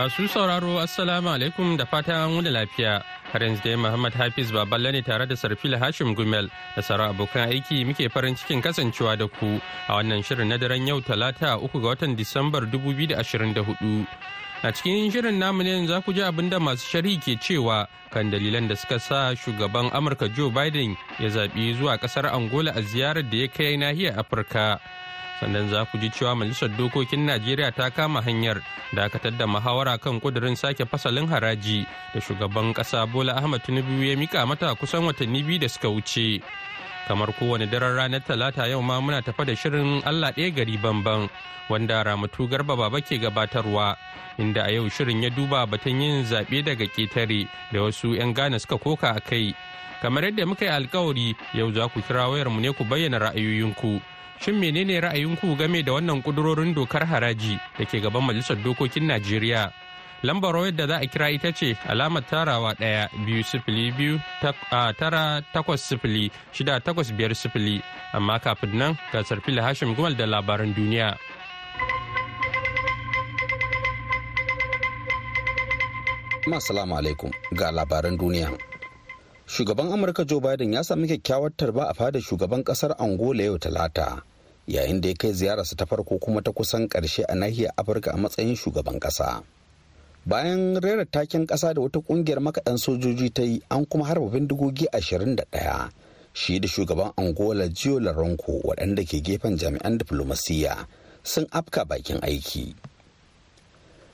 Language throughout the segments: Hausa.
Masu sauraro Assalamu alaikum da fata wani lafiya. Har yanzu dai Muhammad Hafiz Baballe ne tare da Sarfila Hashim Gumel da sauran abokan aiki muke farin cikin kasancewa da ku a wannan shirin na daren yau talata uku ga watan Disambar 2024. A cikin shirin namu ne za ku ji abin da masu sharhi ke cewa kan dalilan da suka sa shugaban Amurka Joe Biden ya zaɓi zuwa ƙasar Angola a ziyarar da ya kai nahiyar Afirka. sannan za ku ji cewa majalisar dokokin najeriya ta kama hanyar dakatar da muhawara kan kudirin sake fasalin haraji da shugaban kasa bola ahmad tinubu ya mika mata kusan watanni biyu da suka wuce kamar kowane daren ranar talata yau ma muna tafa da shirin allah ɗaya gari bambam wanda ramatu garba baba ke gabatarwa inda a yau shirin ya duba batun yin zaɓe daga ƙetare da wasu 'yan gane suka koka a kai kamar yadda muka yi alkawari yau za ku kira wayarmu ne ku bayyana ra'ayoyinku Shin menene ra'ayin ku game da wannan kudurorin dokar haraji da ke gaban Majalisar Dokokin Najeriya? Lambar wayar da za a kira ita ce alamar tarawa ɗaya biyu sifili biyu tara takwas sifili shida takwas biyar sifili amma kafin nan gasar fili hashim gumal da labaran duniya. Assalamu alaikum ga labaran duniya. Shugaban Amurka Joe Biden ya sami kyakkyawar tarba a fadar shugaban kasar Angola yau Talata, yayin da ya kai ziyararsa ta farko kuma ta kusan ƙarshe a nahiyar afirka a matsayin shugaban ƙasa bayan rera takin ƙasa da wata ƙungiyar makaɗan sojoji ta yi an kuma harba bindigogi 21 shi da shugaban angola jiyo laronko waɗanda ke gefen jami'an diflomasiyya sun afka bakin aiki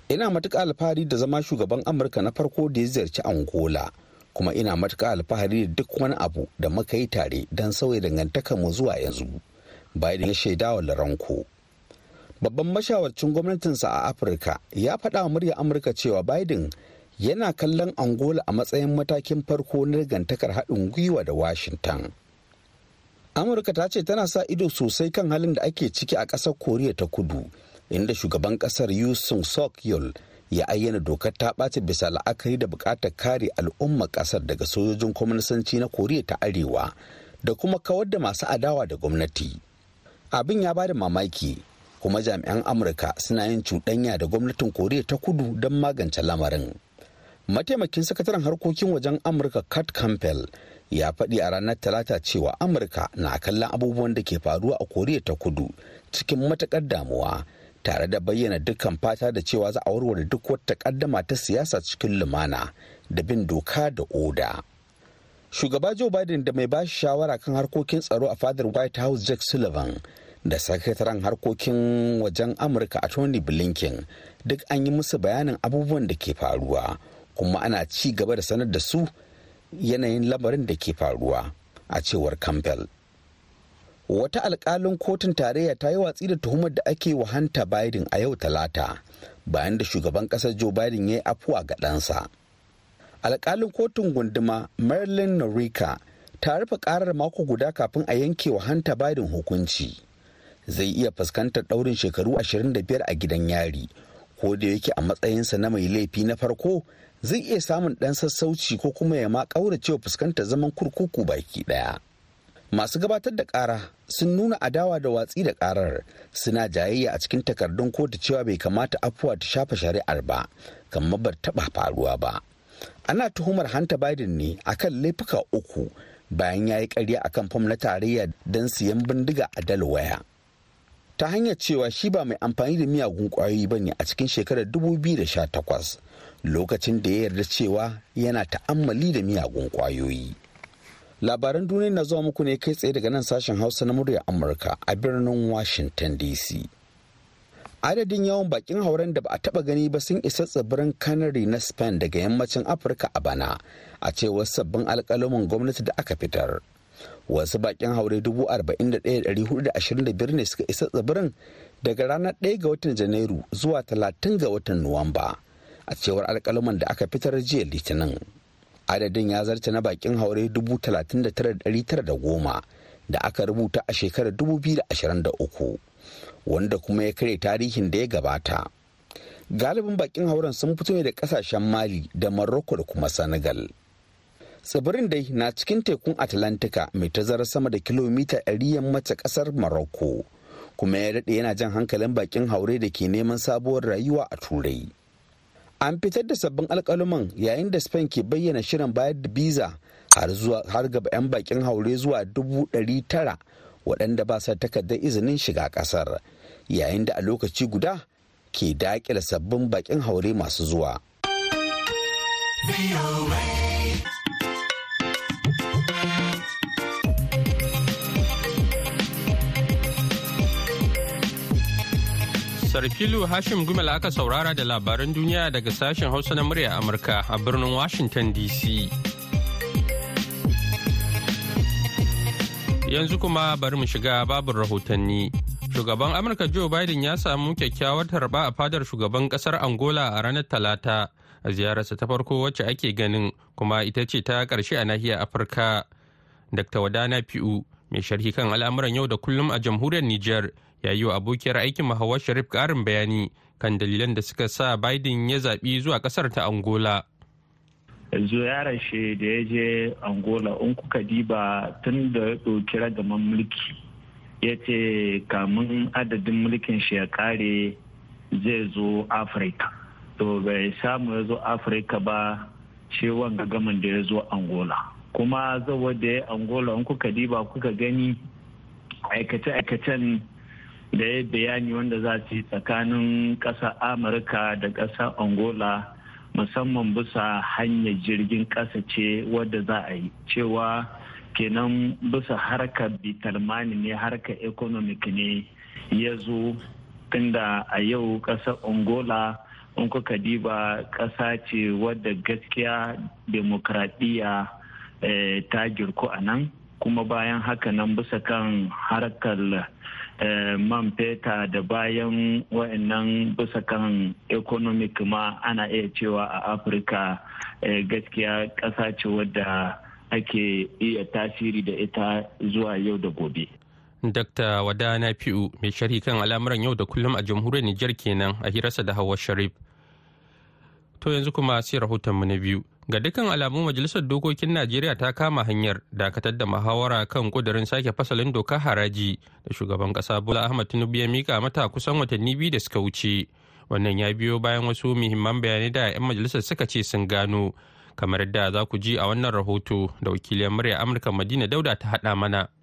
ina matuƙa alfahari da zama shugaban amurka na farko da ya ziyarci angola kuma ina matuƙa alfahari da duk wani abu da muka yi tare don sauya dangantakarmu zuwa yanzu biden ya shaidawa laranko babban mashawarcin gwamnatinsa a afirka ya faɗa wa murya amurka cewa biden yana kallon angola a matsayin matakin farko na rigantakar haɗin gwiwa da washington amurka ta ce tana sa ido sosai kan halin da ake ciki a ƙasar koriya ta kudu inda shugaban ƙasar yu sok yul ya ayyana dokar ta ɓace bisa la'akari da buƙatar kare al'umma ƙasar daga sojojin kwamnisanci na koriya ta arewa da kuma kawar da masu adawa da gwamnati abin ya bada mamaki kuma jami'an amurka suna yin cuɗanya da gwamnatin koriya ta kudu don magance lamarin mataimakin sakataren harkokin wajen amurka kurt campbell ya faɗi a ranar talata cewa amurka na kallon abubuwan da ke faruwa a koriya ta kudu cikin matakar damuwa tare da bayyana dukkan fata da cewa za a warware duk wata ƙaddama ta siyasa cikin lumana da bin doka da oda. shugaba joe biden da mai bashi shawara kan harkokin tsaro a fadar white house jack sullivan da sakataren harkokin wajen amurka a tony blinken duk an yi musu bayanin abubuwan da ke faruwa kuma ana ci gaba da sanar da su yanayin lamarin da ke faruwa a cewar campbell wata alkalin kotun tarayya ta yi watsi da tuhumar da ake wa biden a yau talata bayan da shugaban kasar joe biden ya yi afuwa ga ɗansa. Alƙalin kotun gunduma marilyn Norica, ta rufe ƙarar mako guda kafin a yanke wa hanta biden hukunci zai iya fuskantar ɗaurin shekaru 25 a gidan yari ko da yake a matsayinsa na mai laifi na farko zai iya samun ɗan sassauci ko kuma ya ma cewa fuskantar zaman kurkuku baki ɗaya. masu gabatar da ƙara sun nuna adawa da watsi da ƙarar, suna jayayya a cikin takardun kotu cewa bai kamata afuwa ta shafa shari'ar ba kamar bar taɓa faruwa ba ana tuhumar hanta biden ne akan laifuka uku bayan ya yi karya akan fom na tarayya don siyan bindiga a dalwaya ta hanyar cewa shi ba mai amfani da miyagun kwayoyi ba ne a cikin shekarar 2018 lokacin da ya yarda cewa yana ta'ammali da miyagun kwayoyi labaran duniya na zuwa muku ne kai tsaye daga nan sashen hausa na muryar amurka a birnin washington dc adadin yawan bakin hauren da ba a taba gani ba sun isa tsibirin canary na spain daga yammacin afirka a bana a cewar sabbin alkalamin gwamnati da aka fitar wasu bakin haure 41,425 ne suka isa tsibirin daga ranar 1 ga watan janairu zuwa 30 ga watan nuwamba a cewar alkalamin da aka fitar jiya litinin adadin ya zarce na bakin haure 39,910 da aka rubuta a shekarar 2023 wanda kuma ya kare tarihin da ya gabata galibin bakin hauren sun fito ne da kasashen mali da maroko da kuma senegal tsibirin dai na cikin tekun atlantika mai tazarar sama da kilomita 100 yammace kasar maroko kuma ya daɗe yana jan hankalin bakin haure da ke neman sabuwar rayuwa a turai an fitar da sabbin alkaluman yayin da spain ke bayyana shirin bayar da biza har ga 'yan bakin haure zuwa dubu waɗanda ba sa takardar izinin shiga ƙasar yayin da a lokaci guda ke daƙila sabbin baƙin haure masu zuwa. sarkilu Hashim Gumel aka saurara da labaran duniya daga sashen Hausa na murya Amurka a birnin Washington DC. Yanzu kuma bari mu shiga babin rahotanni. Shugaban Amurka Joe Biden ya samu kyakkyawar tarba a fadar shugaban kasar Angola a ranar Talata a ziyararsa ta farko wacce ake ganin kuma ita ce ta karshe a nahiyar Afirka. Dr. Wadana Piu mai sharhi kan al'amuran yau da kullum a jamhuriyar Nijar ya yi wa abokiyar aikin Mahawar Sharif ƙarin bayani kan dalilan da suka sa Biden ya zaɓi zuwa ƙasar ta Angola. yaran shi da ya je angola in kuka diba tun da ɗauki ragaman mulki ya ce kamun adadin mulkin shi ya kare zai zo afirka to bai samu ya zo afirka ba shi wanga gaman da ya zo angola kuma zawo da ya angola in kuka diba kuka gani aikace-aikacen da ya bayani wanda za su yi tsakanin ƙasa amurka da ƙasar angola musamman bisa hanyar jirgin ƙasa ce wadda za a yi cewa kenan bisa harkar bitalmani ne harkar economic ne ya zo tunda a yau ƙasar angola in kuka diba ƙasa ce wadda gaskiya demokradiyya eh, ta girku a nan kuma bayan haka nan bisa kan harkar Eh, man feta da bayan wa'annan bisa kan economic ma ana iya cewa a afirka eh, gaskiya ƙasa ce wadda ake iya tasiri da ita zuwa yau da gobe Dr. Wadana Fi'u mai sharhi kan al'amuran yau da kullum a jamhuriyar Nijar kenan a hirarsa da Hawa Sharif. To yanzu kuma sai mu na biyu. ga dukkan alamu majalisar dokokin najeriya ta kama hanyar dakatar da muhawara kan kudurin sake fasalin dokar haraji da shugaban kasa bola ahmad tinubu ya mika mata kusan watanni biyu da suka wuce wannan ya biyo bayan wasu muhimman bayanai da 'yan majalisar suka ce sun gano kamar yadda za ku ji a wannan rahoto da wakiliyar murya amurka madina dauda ta haɗa mana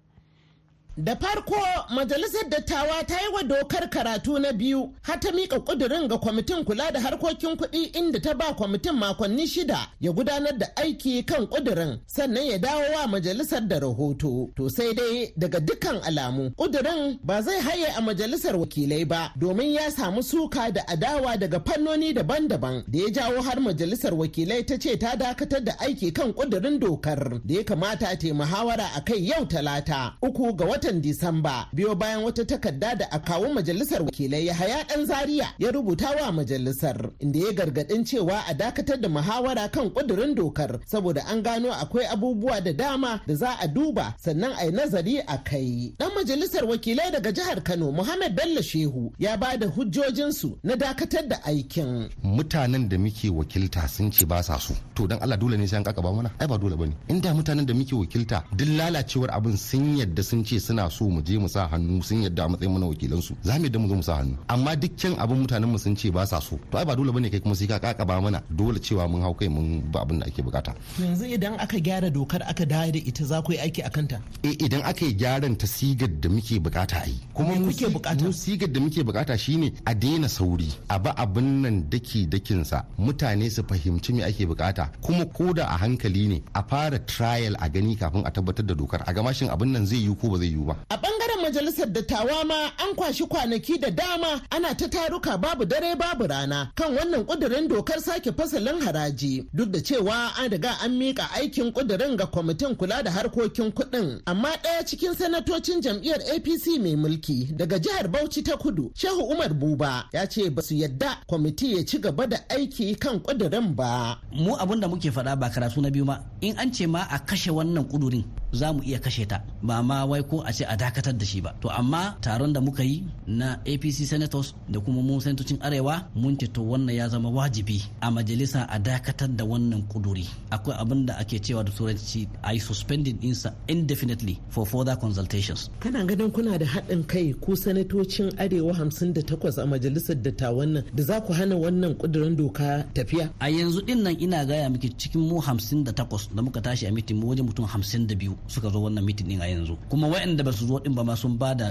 Da farko majalisar dattawa ta yi wa dokar karatu na biyu har ta miƙa ƙudurin ga kwamitin kula da harkokin kuɗi inda ta ba kwamitin makonni shida ya gudanar da aiki kan ƙudurin sannan ya dawo wa majalisar da rahoto. To sai dai daga dukkan alamu ƙudurin ba zai haye a majalisar wakilai ba domin ya samu suka da adawa daga fannoni daban-daban da ya jawo har majalisar wakilai ta ce ta dakatar da aiki kan ƙudurin dokar da ya kamata ta yi muhawara a kai yau talata uku ga wata watan Disamba biyo bayan wata takarda da akawun majalisar wakilai Yahaya Dan zariya ya rubuta wa majalisar inda ya gargadin cewa a dakatar da muhawara kan kudurin dokar saboda an gano akwai abubuwa da dama da za a duba sannan a yi nazari a kai. Dan majalisar wakilai daga jihar Kano Muhammad Bello Shehu ya ba da hujjojinsu na dakatar da aikin. Mutanen da muke wakilta sun ce ba sa so. To dan Allah dole ne sai an ba mana? Ai ba dole bane. Inda mutanen da muke wakilta duk lalacewar abin sun yadda sun ce sun suna so mu je mu sa hannu sun yadda a matsayin mana wakilan su za mu yadda mu zo mu sa hannu amma dukkan abin mutanen mu sun ce ba sa so to ai ba dole bane kai kuma sai ka ba mana dole cewa mun hau kai mun ba abin da ake bukata yanzu idan aka gyara dokar aka dawo da ita za ku yi aiki akan ta eh idan aka yi gyaran ta sigar da muke bukata ai kuma kuma muke bukata mu sigar da muke bukata shine a daina sauri a ba abin nan daki dakin sa mutane su fahimci me ake bukata kuma koda a hankali ne a fara trial a gani kafin a tabbatar da dokar a gamashin abin nan zai yi ko ba zai yi yiwuwa. A bangaren majalisar dattawa ma an kwashi kwanaki da dama ana ta taruka babu dare babu rana kan wannan kudirin dokar sake fasalin haraji duk da cewa an riga an mika aikin kudirin ga kwamitin kula da harkokin kuɗin amma ɗaya cikin sanatocin jam'iyyar APC mai mulki daga jihar Bauchi ta Kudu Shehu Umar Buba ya ce ba su yadda kwamiti ya ci gaba da aiki kan kudirin ba. Mu abin da muke faɗa ba karatu na biyu ma in an ce ma a kashe wannan kudurin za mu iya kashe ta ba ma wai ko a ce a dakatar da shi ba to amma taron da muka yi na apc senators da kuma mu sanatocin arewa mun ce to wannan ya zama wajibi a majalisa a dakatar da wannan kuduri akwai abin da ake cewa da turanci a yi insa indefinitely for further consultations kana ganin kuna da haɗin kai ku sanatocin arewa hamsin da takwas a majalisar ta wannan da za ku hana wannan kudurin doka tafiya a yanzu din nan ina gaya miki cikin mu hamsin da muka tashi a mitin mu wajen mutum hamsin da biyu suka zo wannan mitin din a yanzu kuma waɗanda da ba su zo din ba ma sun ba da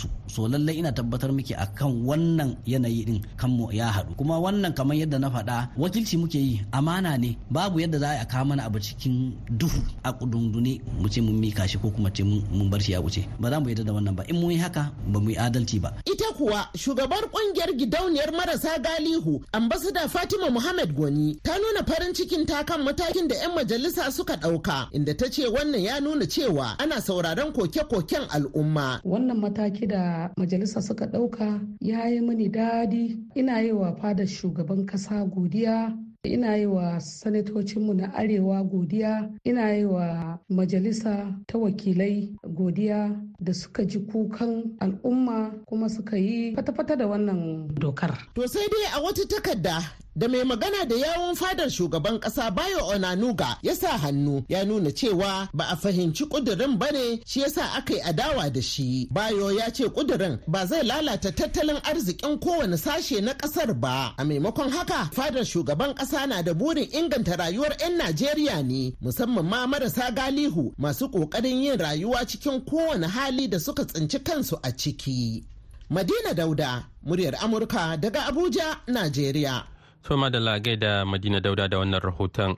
su so lallai ina tabbatar miki akan wannan yanayi din kanmu ya haɗu kuma wannan kamar yadda na faɗa wakilci muke yi amana ne babu yadda za a kawo mana abu cikin duhu a kudundune mu ce mun mika shi ko kuma ce mun bar shi ya wuce ba za mu yadda da wannan ba in mun yi haka ba mu yi adalci ba ita kuwa shugabar kungiyar gidauniyar marasa galihu ambasada fatima muhammad goni ta nuna farin cikin ta kan matakin da 'yan majalisa suka ɗauka inda ta ce wannan ya nuna cewa ana sauraron koke-koke hakkin al'umma. Wannan mataki da majalisa suka ɗauka ya yi mini dadi ina yi wa fadar shugaban ƙasa godiya ina yi wa sanatocinmu na arewa godiya ina yi wa majalisa ta wakilai godiya da suka ji kukan al'umma kuma suka yi fata-fata da wannan dokar. To sai dai a wata takarda da mai magana da yawon fadar shugaban kasa bayo onanuga ya sa hannu ya nuna cewa ba a fahimci kudurin ba ne shi ya sa aka yi adawa da shi bayo ya ce kudurin ba zai lalata tattalin arzikin kowane sashe na kasar ba a maimakon haka fadar shugaban kasa na da burin inganta rayuwar 'yan najeriya ne musamman ma marasa galihu masu kokarin yin rayuwa cikin kowane hali da suka tsinci kansu a ciki madina dauda muryar amurka daga abuja najeriya soma da lagai da madina dauda da wannan rahoton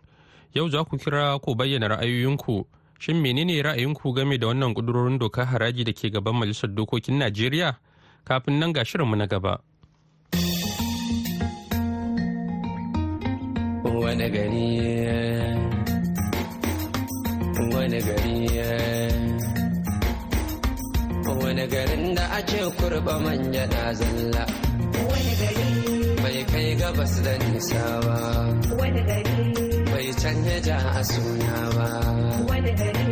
yau za ku kira ku bayyana ra'ayoyinku shin menene ra'ayinku game da wannan kudurorin dokar haraji da ke gaban majalisar dokokin najeriya kafin nan ga shirinmu na gaba wani gari wani gari garin da ake kurba manja na zalla gabas da wani gari bai ja a suna ba wani gari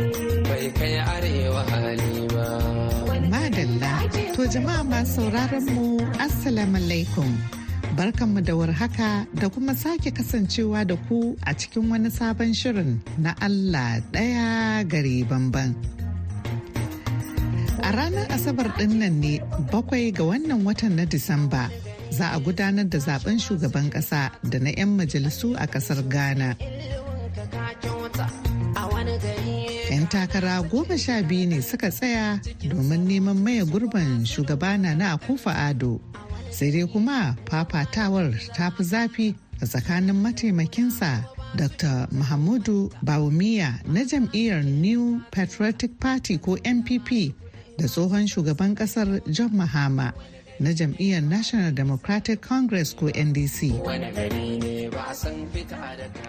bai kai arewa hali ba madalla to jama'a masu sauraron mu assalamu alaikum barkanmu da warhaka da kuma sake kasancewa da ku a cikin wani sabon shirin na Allah ɗaya gari bamban. A ranar Asabar ɗinnan ne bakwai ga wannan watan na Disamba za a gudanar da zaben shugaban kasa da na 'yan majalisu a kasar ghana 'yan takara goma sha biyu ne suka tsaya domin neman maye gurbin shugaba na akufa ado sai dai kuma fafatawar ta fi zafi a tsakanin mataimakinsa dr mahamudu bawumiya na jam'iyyar new patriotic party ko npp da tsohon shugaban kasar john mahama na jam'iyyar National Democratic Congress ko NDC.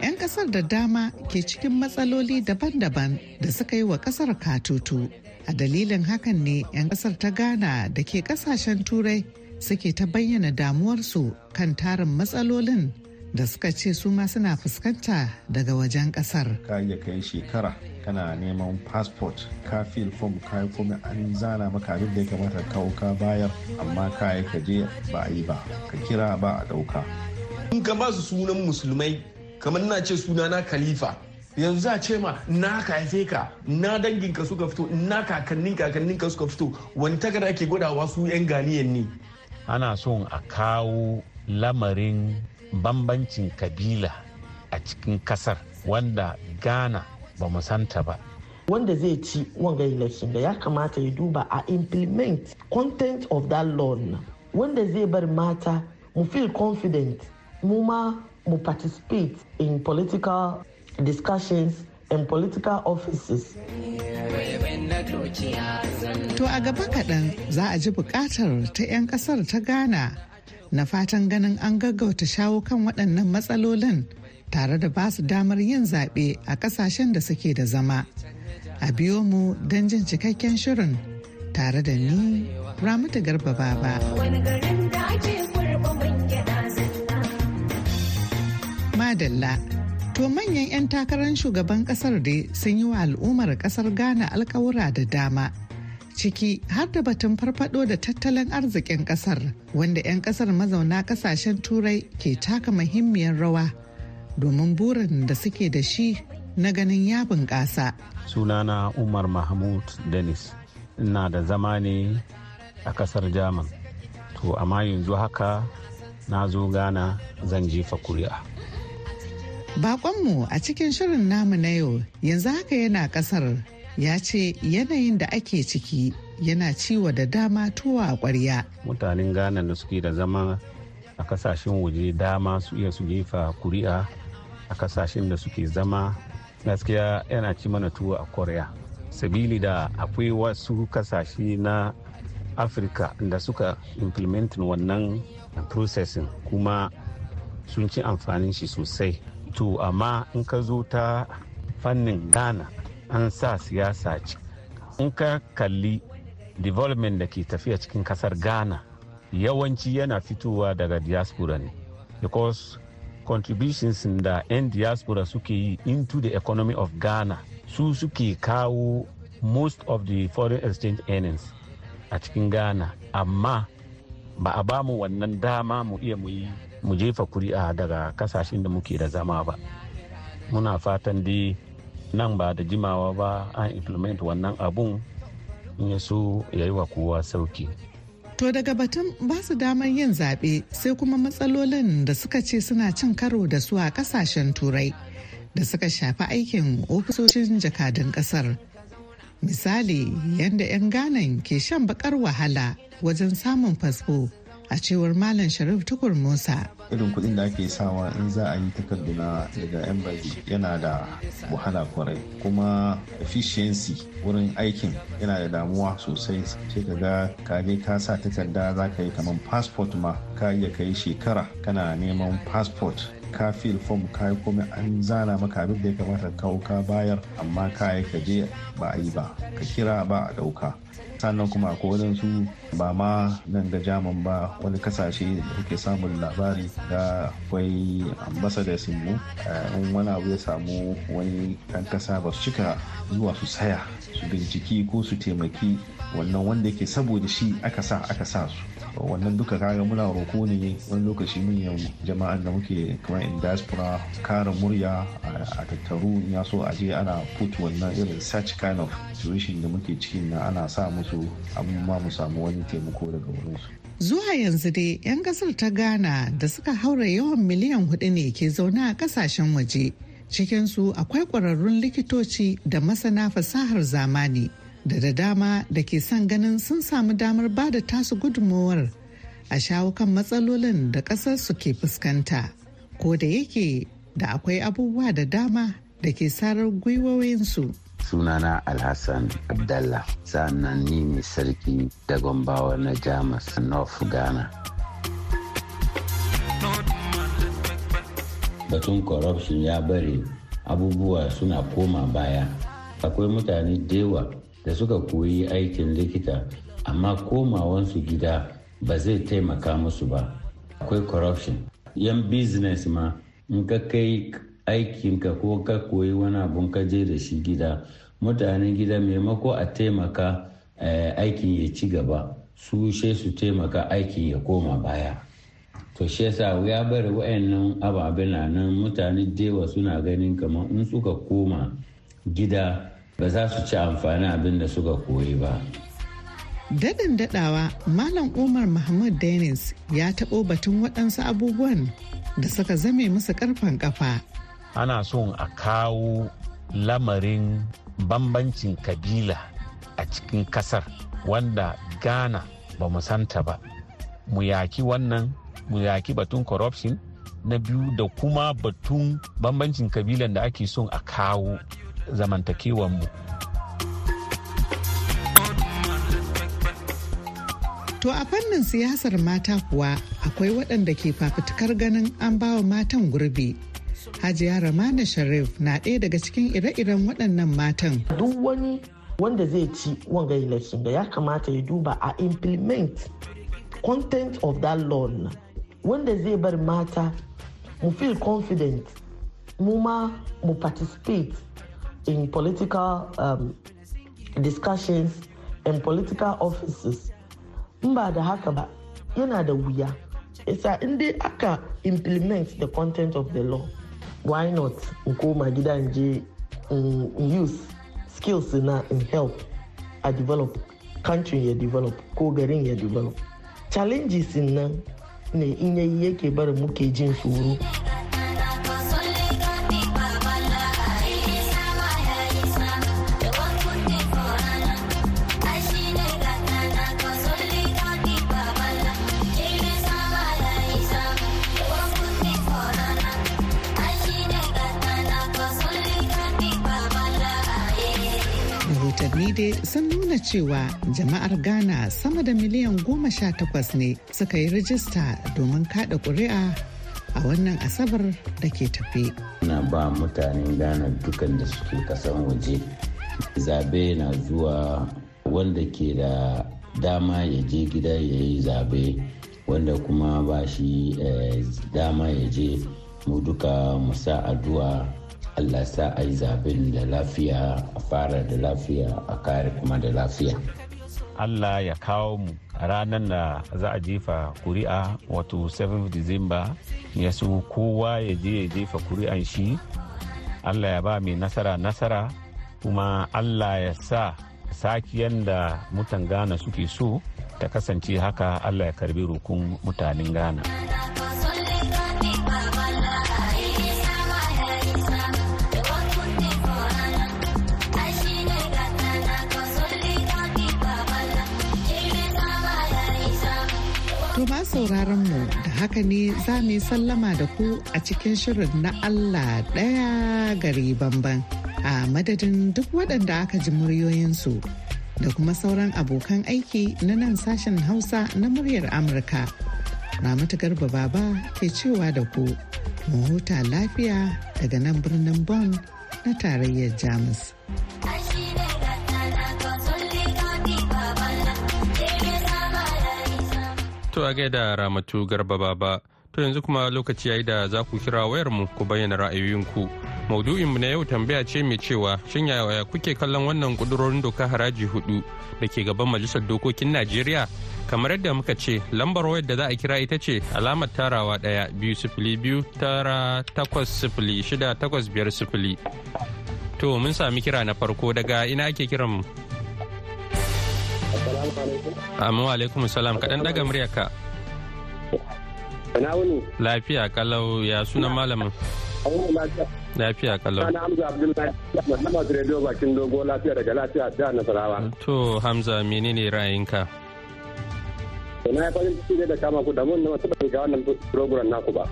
'Yan kasar da dama ke cikin matsaloli daban-daban da suka yi wa kasar katutu. A dalilin hakan ne 'yan kasar ta Ghana da ke kasashen Turai suke ta bayyana damuwarsu kan tarin matsalolin da suka ce su ma suna fuskanta daga wajen kasar. Ka iya kai shekara kana neman passport ka fil form ka yi komai an zana maka abin da ya kamata kawo ka bayar amma ka yi ka je ba a yi ba ka kira ba a ɗauka. In ka ba su sunan musulmai kamar na ce suna na khalifa yanzu za a ce ma na ka haife ka na danginka suka fito na kakannin kakannin ka suka fito wani takarda ke gwadawa su 'yan ganiyan ne. Ana son a kawo lamarin bambancin kabila a cikin kasar wanda ghana ba mu santa ba wanda zai ci wanga shi da ya kamata ya duba a implement content of that law wanda zai bar mata mu feel confident mu ma mu participate in political discussions and political offices. To a gaba kaɗan za a ji buƙatar ta 'yan ƙasar ta Ghana na fatan ganin an gaggauta shawo kan waɗannan matsalolin tare da ba su damar yin zaɓe a ƙasashen da suke da zama. A biyo mu don jin cikakken shirin tare da ni ramuta Garba Baba. Madalla, to manyan 'yan takarar shugaban ƙasar dai sun yi wa al'ummar ƙasar Ghana alkawura da dama. ciki har da batun farfado da tattalin arzikin kasar wanda 'yan kasar mazauna kasashen turai ke taka muhimmiyar rawa domin burin da suke da shi na ganin ya bunƙasa. sunana umar mahmud denis ina da zama ne a kasar jaman to amma yanzu haka na zo ghana zan jefa kuri'a bakonmu a cikin shirin namu na yau yanzu haka yana kasar ya ce yanayin da ake ciki yana ciwo da dama tuwa a ƙwarya. mutanen ghana da suke da zama a kasashen waje dama su iya su jefa kuri'a a kasashen da suke zama gaskiya yana ci mana tuwo a ƙwarya sabili da akwai wasu kasashe na afirka da suka implementin wannan processing kuma sun ci amfanin shi sosai to amma in ka zo ta fannin ghana an sa siyasa ci in ka kalli development da ke tafiya cikin kasar ghana yawanci yana fitowa daga diaspora ne because contributions da 'yan diaspora suke yi into the economy of ghana su suke kawo most of the foreign exchange earnings a cikin ghana amma ba a bamu wannan dama mu iya mu yi mu jefa kuri'a daga kasashen da muke da zama ba muna fatan dai nan ba da jimawa ba an implement wannan abun in ya so ya yi wa kowa sauki To daga batun ba su damar yin zaɓe sai kuma matsalolin da suka ce suna cin karo da su a ƙasashen turai da suka shafi aikin ofisoshin jakadun ƙasar. Misali yadda 'yan Ganan ke shan baƙar wahala wajen samun fasfo a cewar Malam Sharif Tukur Musa. Irin kuɗin da ake sawa in za a yi takarduna daga embassy yana da wahala kwarai kuma efficiency wurin aikin yana da damuwa sosai sai ka ga kaje ka sa takarda za ka yi kamar passport ma ka iya kai shekara kana neman passport ka fil fom ka yi komai an zana maka abin da ya kamata kawo ka bayar amma ka yi ka je ba a yi ba ka kira ba a ɗauka sannan kuma akwai wadansu ba ma nan da jaman ba wani kasashe da kuke samun labari da akwai ambassadors mu eh, in wani abu ya samu wani kan kasa ba su cika zuwa su saya su binciki ko su taimaki wannan wanda yake saboda shi aka sa aka sa su wannan duka kaga muna roko ne wani lokaci manyan jama'an da muke kamar in diaspora kara murya a tattaru in ya so aje ana put wannan irin such kind of situation da muke ciki na ana sa musu amma mu samu wani taimako daga wurinsu zuwa yanzu dai 'yan kasar ta ghana da suka haura yawan miliyan hudu ne ke zauna a kasashen waje cikinsu akwai ƙwararrun likitoci da masana fasahar zamani da da dama da ke son ganin sun samu damar ba da tasu gudunmawar a shawo kan matsalolin da su ke fuskanta ko da yake da akwai abubuwa da dama da ke sarar gwiwoyinsu. sunana alhassan abdallah sannan ni ne sarki da gombawa na jamus north ghana batun corruption ya bari abubuwa suna koma baya akwai mutane dewa da suka koyi aikin likita amma komawansu gida ba zai taimaka musu ba akwai corruption yan business ma in ka kai aikinka ko ka koyi wani abun ka je da shi gida mutanen gida maimako a taimaka eh, aikin ya ci gaba su she su taimaka aikin ya koma baya to she sa ya bari wa'annan ababen nan mutane dewa suna ganin kamar in suka koma gida ba za su ci amfani abin da suka koyi ba. Daɗin dadawa Malam Umar Muhammad Dennis ya taɓo batun waɗansu abubuwan da suka zame masa ƙarfen ƙafa. Ana son a kawo lamarin bambancin kabila a cikin ƙasar wanda Ghana ba mu santa ba. Mu yaki wannan, mu yaki batun corruption na biyu da kuma batun bambancin kabilan da ake son a kawo mu To a fannin siyasar mata kuwa akwai waɗanda ke fafutukar ganin an ba wa matan gurbi. Hajiya Ramana Sharif na ɗaya daga cikin ire-iren waɗannan matan. Duk wani wanda zai ci wanga election da ya kamata ya duba a implement content of that law wanda zai bar mata mu feel confident mu ma mu participate in political um, discussions and political offices in ba da haka ba yana da wuya isa in dai aka implement the content of the law why not in koma gida in je mm, use skills na in help a develop country ya develop ko garin ya develop challenges nan ne in yayi yake bar muke jin tsoro. dai sun nuna cewa jama'ar Ghana sama da miliyan goma sha takwas ne suka yi rajista domin kada ƙuri'a a wannan asabar da ke tafe. Na ba mutanen Ghana dukan da suke kasan waje. Zabe na zuwa wanda ke da dama ya je gida ya yi zabe wanda kuma ba shi eh, dama ya je mu duka musa addu'a allah sa a yi zaben da lafiya a fara da lafiya a kare kuma da lafiya allah ya kawo mu ranar da za a jefa kuri'a wato 7 disamba ya su kowa ya je ya jefa kuri'an shi allah ya ba mai nasara nasara kuma allah ya sa sakiyan da mutan ghana suke so ta kasance haka allah ya karbi rukun mutanen ghana. sauraron mu da haka ne za mu yi sallama da ku a cikin shirin na Allah ɗaya gari bamban a madadin duk waɗanda aka ji muryoyinsu da kuma sauran abokan aiki na nan sashen Hausa na muryar Amurka. Ramatu Garba Baba ke cewa da ku mu huta lafiya daga nan birnin Bonn na tarayyar Jamus. To a gaida Ramatu Garba Baba. To yanzu kuma lokaci yayi da za ku kira wayarmu ku bayyana ra'ayoyinku. Maudu'inmu na yau tambaya ce mai cewa shin yaya kuke kallon wannan kudurorin doka haraji hudu da ke gaban Majalisar Dokokin Najeriya? Kamar yadda muka ce lambar wayar da za a kira ita ce alamar tarawa ɗaya biyu sifili biyu tara takwas sifili shida takwas biyar sifili. To mun sami kira na farko daga ina ake kiran mu? Assalamu alaikum. salam kaɗan daga muryarka. ka. wuni. Lafiya kalau ya suna malamin. Lafiya kalau. Sana Hamza Abdullahi Muhammad Radio bakin dogo lafiya daga lafiya da Nasarawa. To Hamza menene ra'ayinka? Ina ya fahimci ne da kama ku da mun na masu ga wannan program naku ba.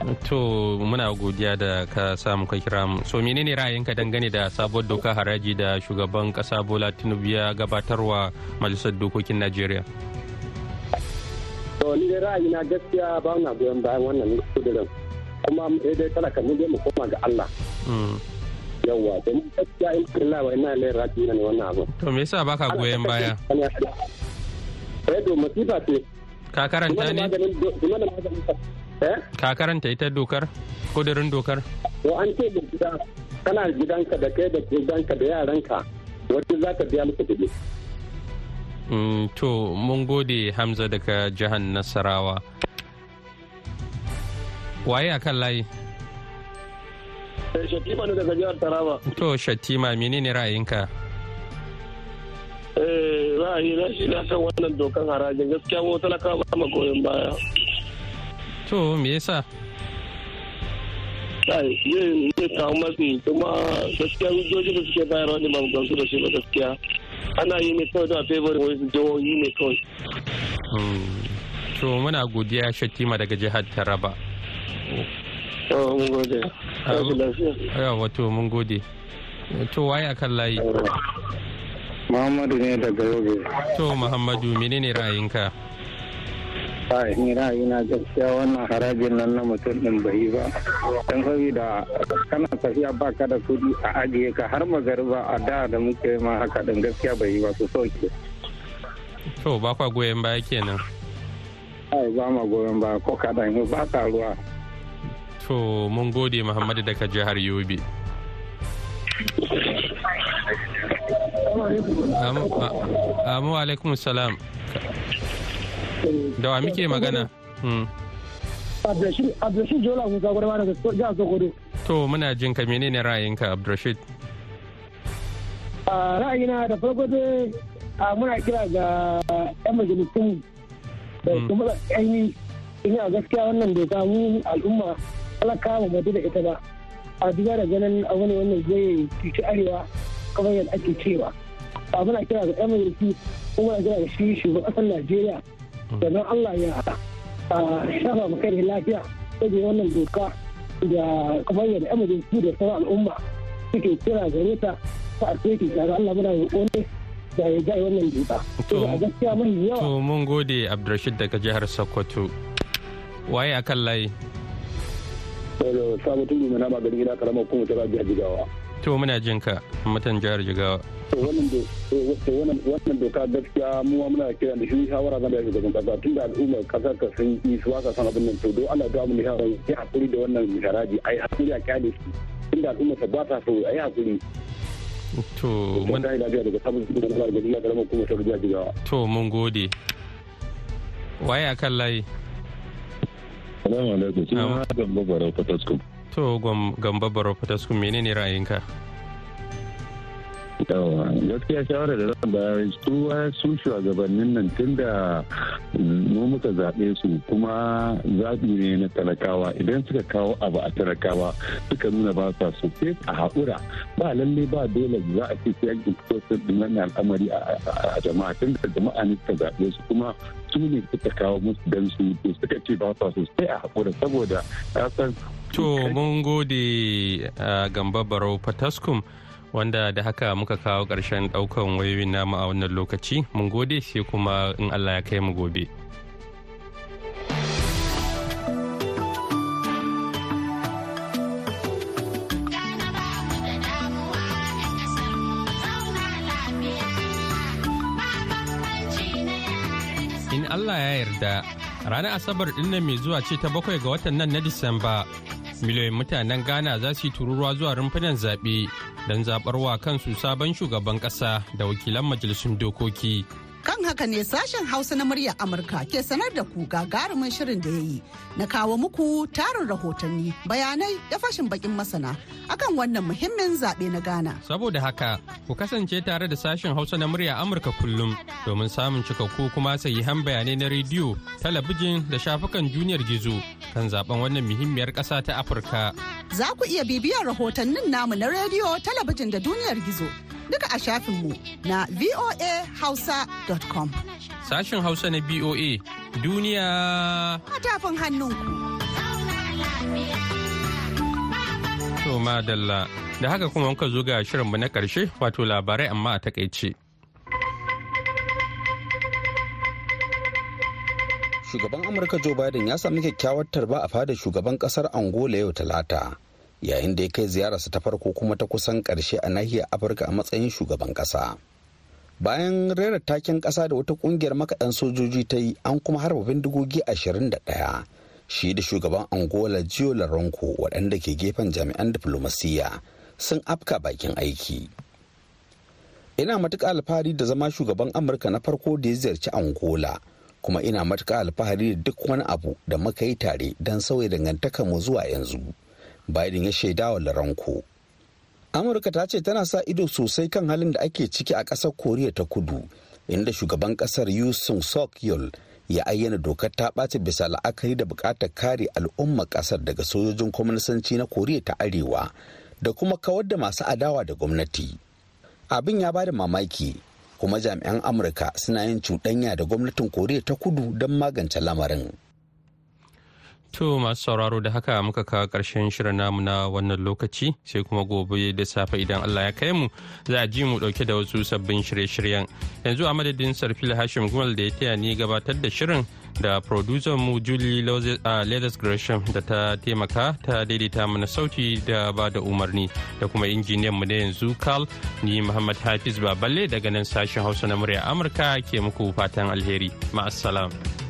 To muna godiya da ka samu ka kira mu. So menene ra'ayinka dangane da sabuwar doka haraji da shugaban kasa Bola Tinubu ya gabatarwa Majalisar Dokokin Najeriya? To ni dai ra'ayina gaskiya ba na goyon bayan wannan kudirin. Kuma sai dai talaka kamar je mu koma ga Allah. Mm. Yawwa don gaskiya in kalla wa ina lai ra'ayi ne wannan abu. To me yasa baka goyon baya? Eh to masifa ce. Ka karanta ne? Eh? Ka karanta ita dokar? Kudurin dokar? Ko an ce da gida kana gidanka da kai da gidanka da yaranka wajen za ka biya musu kuɗi. Mm, to mun gode Hamza daga jihar Nasarawa. Waye a kan layi? Eh, Shatima ne daga jihar Taraba. To Shatima menene ra'ayinka? Eh ra'ayi na shi na san wannan dokan harajin gaskiya mu talaka ba mu goyon baya. to me yasa yin da suke bayarwa ne ba gamsu yi ne kawai ne hmm. to muna godiya shatima daga jihar taraba wato mun gode to waye layi muhammadu ne daga yobe to muhammadu menene ra'ayinka kai ni na gaskiya wannan harajin nan na mutum din bai ba dan saboda kana tafiya ba ka da kudi a ajiye ka har magariba a da da muke ma haka din gaskiya bai ba su sauke to ba kwa goyon baya kenan ai ba ma goyon baya ko kadan ba ka ruwa to mun gode muhammadu daga jihar yobe Amu alaikum salam. da wa muke magana hmm. Abdulrashid jola Jola Musa Gwarwa daga jihar Sokoto. To muna jin ka menene ra'ayinka Abdulrashid? Ra'ayina da farko dai muna kira ga 'yan majalisun da hmm. kuma da ƙaimi ina gaskiya wannan bai samu al'umma kama madu da ita ba a duba da ganin abu ne wannan zai cuci arewa kamar yadda ake cewa muna kira ga 'yan majalisun kuma muna kira ga shi shugaban ƙasar Najeriya sannan Allah ya shafa maka da lafiya rage wannan doka da kamar yadda emergency da sauran al'umma suke kira gare ta ta arfeki tare Allah muna roƙo ne da ya ga wannan doka. To To mun gode Abdurrashid daga jihar Sokoto. Waye a kan layi? Hello, Sabu Tudu mai nama garin gida karamar kuma ta jihar Jigawa. to muna jin ka mutan jihar jigawa wannan doka gaskiya mu muna kira da shi shawara zan da kasa tun da al'ummar kasar ka sun yi suwa ka san abin nan to don ana mu shawara ya hakuri da wannan a ai hakuri a kyale shi tun da al'ummar ta ba ta so ai hakuri to mun da to mun gode waye akan layi Salamu to gamba baro fataskun menene ra'ayinka yawa gaskiya shawarar da zan bayar su su shugabannin nan tun da mu muka zaɓe su kuma zaɓi ne na talakawa idan suka kawo abu a talakawa suka nuna ba sa su a haƙura ba lalle ba dole za a ce sai an fito wannan al'amari a jama'a tun da jama'a ne suka zaɓe su kuma su ne suka kawo musu dan su suka ce ba sa su sai a haƙura saboda ya san to mun gode gamba barau fataskum wanda da haka muka kawo ƙarshen ɗaukan wayoyin namu a wannan lokaci mun gode shi kuma in allah ya kai mu gobe. Allah ya yarda ranar Asabar ɗin mai zuwa ce ta bakwai ga watan nan na Disamba miliyoyin mutanen ghana za su yi tururuwa zuwa rumfunan zaɓe don zaɓar wa kansu sabon shugaban ƙasa da wakilan majalisun dokoki Kan haka ne sashen Hausa na murya Amurka ke sanar da ku gagarumin shirin da ya yi na kawo muku tarin rahotanni bayanai da fashin bakin masana akan wannan muhimmin zaɓe na Ghana. Saboda haka ku kasance tare da sashen Hausa na murya Amurka kullum domin samun cikakku kuma sahihan bayanai na rediyo, talabijin da shafukan duniyar gizo kan zaben wannan muhimmiyar ƙasa ta Afirka. Za ku iya bibiyar rahotannin namu na rediyo, talabijin da duniyar gizo duka a shafinmu na voahausa.com. Sashen Hausa na BOA duniya a tafin hannunku. To madalla da haka kuma wanka zo ga shirinmu na ƙarshe wato labarai amma a takaice. Shugaban Amurka Joe Biden ya sami kyakkyawar tarba a fadar shugaban kasar Angola yau talata. Yayin da ya kai ziyararsa ta farko kuma ta kusan ƙarshe a nahiyar Afirka a matsayin shugaban ƙasa. bayan rera takin kasa da wata kungiyar makaɗan sojoji ta yi an kuma harba bindigogi 21 shi da shugaban angola jiyo laronko waɗanda ke gefen jami'an diflomasiyya sun afka bakin aiki ina matuƙa alfahari da zama shugaban amurka na farko da ya ziyarci angola kuma ina matuƙa alfahari da duk wani abu da muka yi tare don sauya mu zuwa yanzu biden ya shaidawa laranko amurka ta ce tana sa ido sosai kan halin da ake ciki a ƙasar koriya ta kudu inda shugaban ƙasar yu sung sok yul ya ayyana dokar ta ɓaci bisa la'akari da buƙatar kare al'ummar ƙasar daga sojojin kwamnisanci na koriya ta arewa da kuma kawar da masu adawa da gwamnati abin ya ba da mamaki kuma jami'an amurka suna yin cuɗanya da gwamnatin koriya ta kudu don magance lamarin To masu sauraro da haka muka kawo karshen shirin namu na wannan lokaci sai kuma gobe da safe idan Allah ya kai mu za a ji mu ɗauke da wasu sabbin shirye-shiryen. Yanzu a madadin Sarfil Hashim Gumal da ya taya ni gabatar da shirin da producer mu Julie Leathers Gresham da ta taimaka ta daidaita mana sauti da ba da umarni da kuma injiniyan mu na yanzu Carl ni Muhammad Hafiz Baballe daga nan sashen Hausa na murya Amurka ke muku fatan alheri. Ma'assalam.